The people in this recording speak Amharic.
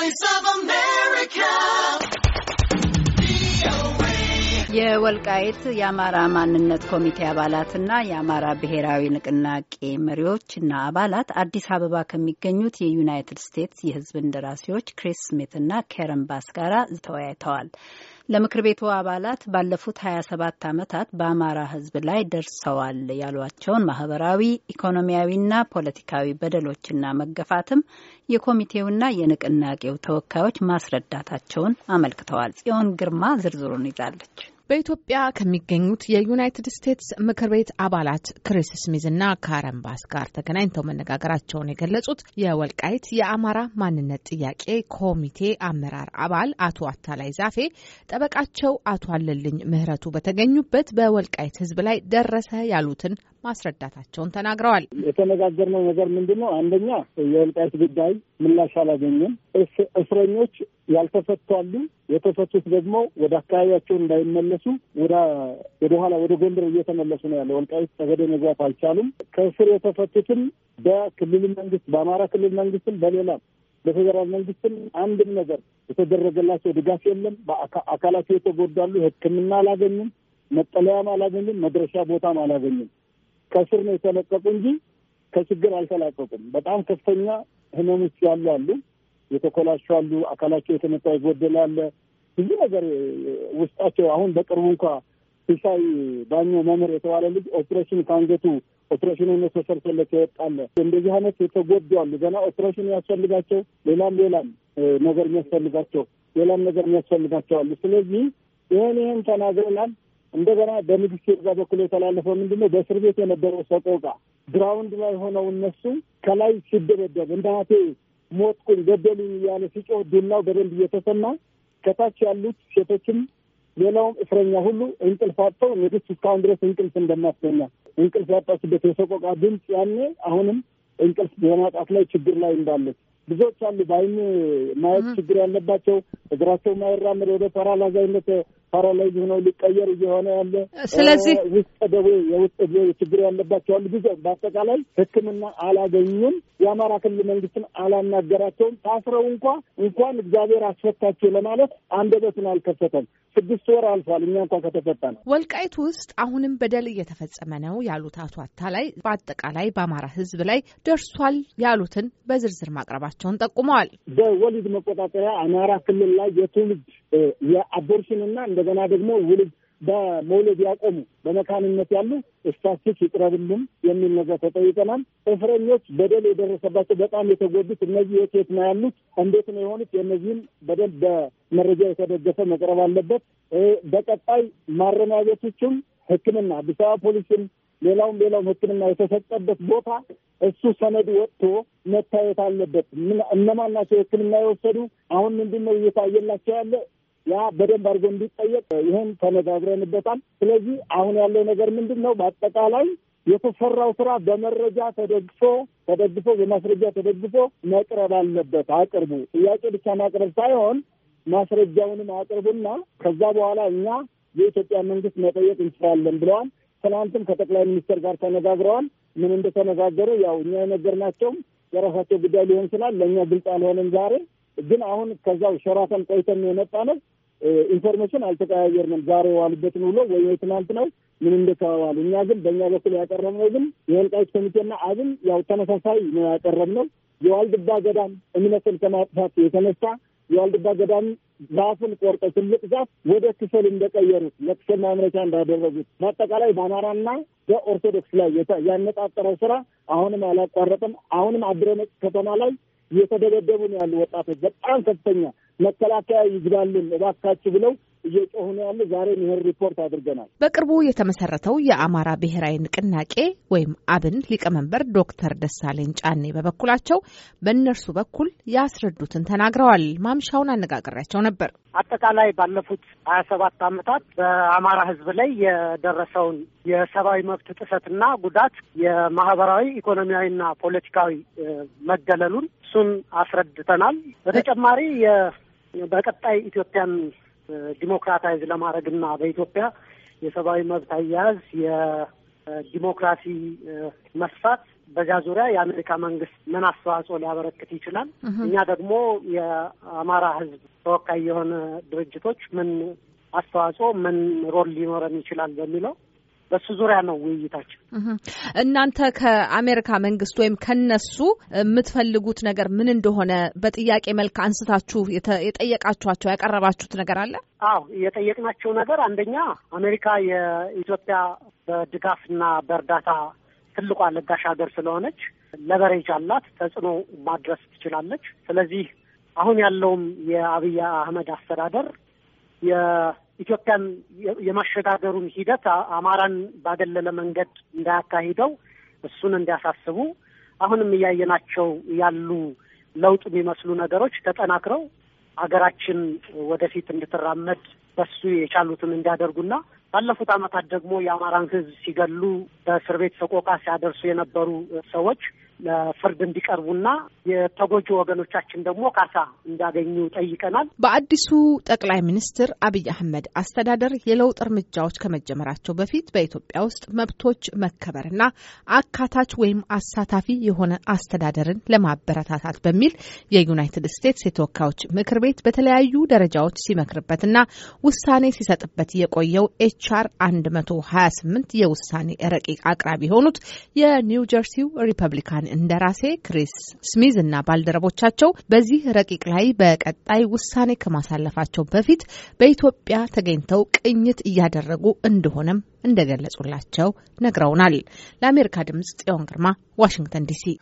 Voice of የወልቃይት የአማራ ማንነት ኮሚቴ አባላትና የአማራ ብሔራዊ ንቅናቄ መሪዎችና አባላት አዲስ አበባ ከሚገኙት የዩናይትድ ስቴትስ የሕዝብ እንደራሴዎች ክሪስ ስሚትና ኬረን ባስ ጋራ ተወያይተዋል። ለምክር ቤቱ አባላት ባለፉት 27 ዓመታት በአማራ ሕዝብ ላይ ደርሰዋል ያሏቸውን ማህበራዊ፣ ኢኮኖሚያዊና ፖለቲካዊ በደሎችና መገፋትም የኮሚቴውና የንቅናቄው ተወካዮች ማስረዳታቸውን አመልክተዋል። ጽዮን ግርማ ዝርዝሩን ይዛለች። በኢትዮጵያ ከሚገኙት የዩናይትድ ስቴትስ ምክር ቤት አባላት ክሪስ ስሚዝ እና ካረን ባስ ጋር ተገናኝተው መነጋገራቸውን የገለጹት የወልቃይት የአማራ ማንነት ጥያቄ ኮሚቴ አመራር አባል አቶ አታላይ ዛፌ ጠበቃቸው አቶ አለልኝ ምህረቱ በተገኙበት በወልቃይት ህዝብ ላይ ደረሰ ያሉትን ማስረዳታቸውን ተናግረዋል። የተነጋገርነው ነገር ምንድን ነው? አንደኛ የወልቃይት ጉዳይ ምላሽ አላገኘም። እስረኞች ያልተፈቱ አሉ። የተፈቱት ደግሞ ወደ አካባቢያቸው እንዳይመለሱ ወደኋላ ወደ ጎንደር እየተመለሱ ነው ያለ። ወልቃይት ጠገዴ መግባት አልቻሉም። ከእስር የተፈቱትም በክልል መንግስት፣ በአማራ ክልል መንግስትም በሌላም በፌዴራል መንግስትም አንድም ነገር የተደረገላቸው ድጋፍ የለም። አካላቸው የተጎዳሉ፣ ሕክምና አላገኙም፣ መጠለያም አላገኙም፣ መድረሻ ቦታም አላገኙም። ከስር ነው የተለቀቁ እንጂ ከችግር አልተላቀቁም። በጣም ከፍተኛ ህመም ውስጥ ያሉ አሉ፣ የተኮላሹ አሉ፣ አካላቸው የተመታ የጎደለ አለ፣ ብዙ ነገር ውስጣቸው አሁን በቅርቡ እንኳ ሲሳይ ዳኘ መምህር የተባለ ልጅ ኦፕሬሽን ከአንገቱ ኦፕሬሽኑን ተሰርቶለት ይወጣለ። እንደዚህ አይነት የተጎዱ አሉ። ገና ኦፕሬሽን ያስፈልጋቸው ሌላም ሌላም ነገር የሚያስፈልጋቸው ሌላም ነገር የሚያስፈልጋቸው አሉ። ስለዚህ ይህን ይህን ተናግረናል። እንደገና በንግስት ይርጋ በኩል የተላለፈው ምንድነው? በእስር ቤት የነበረው ሰቆቃ ግራውንድ ላይ ሆነው እነሱ ከላይ ሲደበደብ እናቴ ሞትኩኝ፣ ገደሉኝ እያለ ሲጮህ ዱላው በደንብ እየተሰማ ከታች ያሉት ሴቶችም ሌላውም እስረኛ ሁሉ እንቅልፍ አጥተው ንግስት እስካሁን ድረስ እንቅልፍ እንደማትተኛ እንቅልፍ ያጣችበት የሰቆቃ ድምፅ ያኔ አሁንም እንቅልፍ በማጣት ላይ ችግር ላይ እንዳለ ብዙዎች አሉ። በአይን ማየት ችግር ያለባቸው እግራቸው ማይራምድ ወደ ተራ ላዛይነት ፓራላይዝ ሆነው ሊቀየር እየሆነ ያለ ስለዚህ ውስጥ ደዌ የውስጥ ችግር ያለባቸው አሉ። ብዙ በአጠቃላይ ሕክምና አላገኙም። የአማራ ክልል መንግስትን አላናገራቸውም። ታስረው እንኳ እንኳን እግዚአብሔር አስፈታቸው ለማለት አንደበቱን አልከፈተም። ስድስት ወር አልፏል። እኛ እንኳ ከተፈታ ነው። ወልቃይት ውስጥ አሁንም በደል እየተፈጸመ ነው ያሉት አቶ አታላይ በአጠቃላይ በአማራ ሕዝብ ላይ ደርሷል ያሉትን በዝርዝር ማቅረባቸውን ጠቁመዋል። በወሊድ መቆጣጠሪያ አማራ ክልል ላይ የትውልድ የአቦርሽንና እንደ እንደገና ደግሞ ውልድ በመውለድ ያቆሙ በመካንነት ያሉ እሳችሁ ይቅረብልን የሚል ነገር ተጠይቀናል። እስረኞች በደል የደረሰባቸው በጣም የተጎዱት እነዚህ የኬት ነው ያሉት? እንዴት ነው የሆኑት? የእነዚህም በደል በመረጃ የተደገፈ መቅረብ አለበት። በቀጣይ ማረሚያ ቤቶችም ሕክምና አዲስ አበባ ፖሊስም ሌላውም ሌላውም ሕክምና የተሰጠበት ቦታ እሱ ሰነድ ወጥቶ መታየት አለበት። እነማን ናቸው ሕክምና የወሰዱ? አሁን ምንድን እየታየላቸው ያለ ያ በደንብ አድርጎ እንዲጠየቅ ይህን ተነጋግረንበታል። ስለዚህ አሁን ያለው ነገር ምንድን ነው? በአጠቃላይ የተሰራው ስራ በመረጃ ተደግፎ ተደግፎ በማስረጃ ተደግፎ መቅረብ አለበት። አቅርቡ ጥያቄ ብቻ ማቅረብ ሳይሆን ማስረጃውንም አቅርቡና ከዛ በኋላ እኛ የኢትዮጵያ መንግስት መጠየቅ እንችላለን ብለዋል። ትናንትም ከጠቅላይ ሚኒስትር ጋር ተነጋግረዋል። ምን እንደተነጋገሩ ያው እኛ የነገርናቸውም የራሳቸው ጉዳይ ሊሆን ይችላል። ለእኛ ግልጽ አልሆነም ዛሬ ግን አሁን ከዛው ሸራተን ቆይተን የመጣ ነው። ኢንፎርሜሽን አልተቀያየርንም። ዛሬ የዋሉበትን ውሎ ወይ ትናንት ነው ምን እንደተባባሉ። እኛ ግን በእኛ በኩል ያቀረብነው ግን የወልቃይት ኮሚቴና አብን ያው ተመሳሳይ ነው ያቀረብነው። የዋልድባ ገዳም እምነትን ከማጥፋት የተነሳ የዋልድባ ገዳም ዛፍን ቆርጦ ትልቅ ዛፍ ወደ ክሰል እንደቀየሩት ለክሰል ማምረቻ እንዳደረጉት በአጠቃላይ በአማራና በኦርቶዶክስ ላይ ያነጣጠረው ስራ አሁንም አላቋረጠም። አሁንም አድረነጭ ከተማ ላይ እየተደበደቡ ነው ያሉ ወጣቶች በጣም ከፍተኛ መከላከያ ይግባልን እባካችሁ ብለው እየጮሁ ነው ያለ። ዛሬ ይህን ሪፖርት አድርገናል። በቅርቡ የተመሰረተው የአማራ ብሔራዊ ንቅናቄ ወይም አብን ሊቀመንበር ዶክተር ደሳለኝ ጫኔ በበኩላቸው በእነርሱ በኩል ያስረዱትን ተናግረዋል። ማምሻውን አነጋግሬያቸው ነበር። አጠቃላይ ባለፉት ሀያ ሰባት ዓመታት በአማራ ህዝብ ላይ የደረሰውን የሰብአዊ መብት ጥሰትና ጉዳት የማህበራዊ ኢኮኖሚያዊና ፖለቲካዊ መገለሉን እሱን አስረድተናል። በተጨማሪ በቀጣይ ኢትዮጵያን ዲሞክራታይዝ ለማድረግና በኢትዮጵያ የሰብአዊ መብት አያያዝ የዲሞክራሲ መስፋት በዚያ ዙሪያ የአሜሪካ መንግስት ምን አስተዋጽኦ ሊያበረክት ይችላል? እኛ ደግሞ የአማራ ህዝብ ተወካይ የሆነ ድርጅቶች ምን አስተዋጽኦ ምን ሮል ሊኖረን ይችላል በሚለው በሱ ዙሪያ ነው ውይይታችን። እናንተ ከአሜሪካ መንግስት ወይም ከነሱ የምትፈልጉት ነገር ምን እንደሆነ በጥያቄ መልክ አንስታችሁ የጠየቃችኋቸው ያቀረባችሁት ነገር አለ? አዎ የጠየቅናቸው ነገር አንደኛ አሜሪካ የኢትዮጵያ በድጋፍና በእርዳታ ትልቋ ለጋሽ ሀገር ስለሆነች ለበሬጅ አላት፣ ተጽዕኖ ማድረስ ትችላለች። ስለዚህ አሁን ያለውም የአብይ አህመድ አስተዳደር ኢትዮጵያን የማሸጋገሩን ሂደት አማራን ባገለለ መንገድ እንዳያካሂደው እሱን እንዲያሳስቡ አሁንም እያየናቸው ያሉ ለውጥ የሚመስሉ ነገሮች ተጠናክረው ሀገራችን ወደፊት እንድትራመድ በሱ የቻሉትን እንዲያደርጉና ባለፉት ዓመታት ደግሞ የአማራን ሕዝብ ሲገሉ በእስር ቤት ሰቆቃ ሲያደርሱ የነበሩ ሰዎች ለፍርድ እንዲቀርቡና የተጎጂ ወገኖቻችን ደግሞ ካሳ እንዲያገኙ ጠይቀናል። በአዲሱ ጠቅላይ ሚኒስትር አብይ አህመድ አስተዳደር የለውጥ እርምጃዎች ከመጀመራቸው በፊት በኢትዮጵያ ውስጥ መብቶች መከበርና አካታች ወይም አሳታፊ የሆነ አስተዳደርን ለማበረታታት በሚል የዩናይትድ ስቴትስ የተወካዮች ምክር ቤት በተለያዩ ደረጃዎች ሲመክርበትና ውሳኔ ሲሰጥበት የቆየው ኤች ኤችአር 128 የውሳኔ ረቂቅ አቅራቢ የሆኑት የኒው ጀርሲው ሪፐብሊካን እንደራሴ ክሪስ ስሚዝ እና ባልደረቦቻቸው በዚህ ረቂቅ ላይ በቀጣይ ውሳኔ ከማሳለፋቸው በፊት በኢትዮጵያ ተገኝተው ቅኝት እያደረጉ እንደሆነም እንደገለጹላቸው ነግረውናል። ለአሜሪካ ድምጽ ጽዮን ግርማ ዋሽንግተን ዲሲ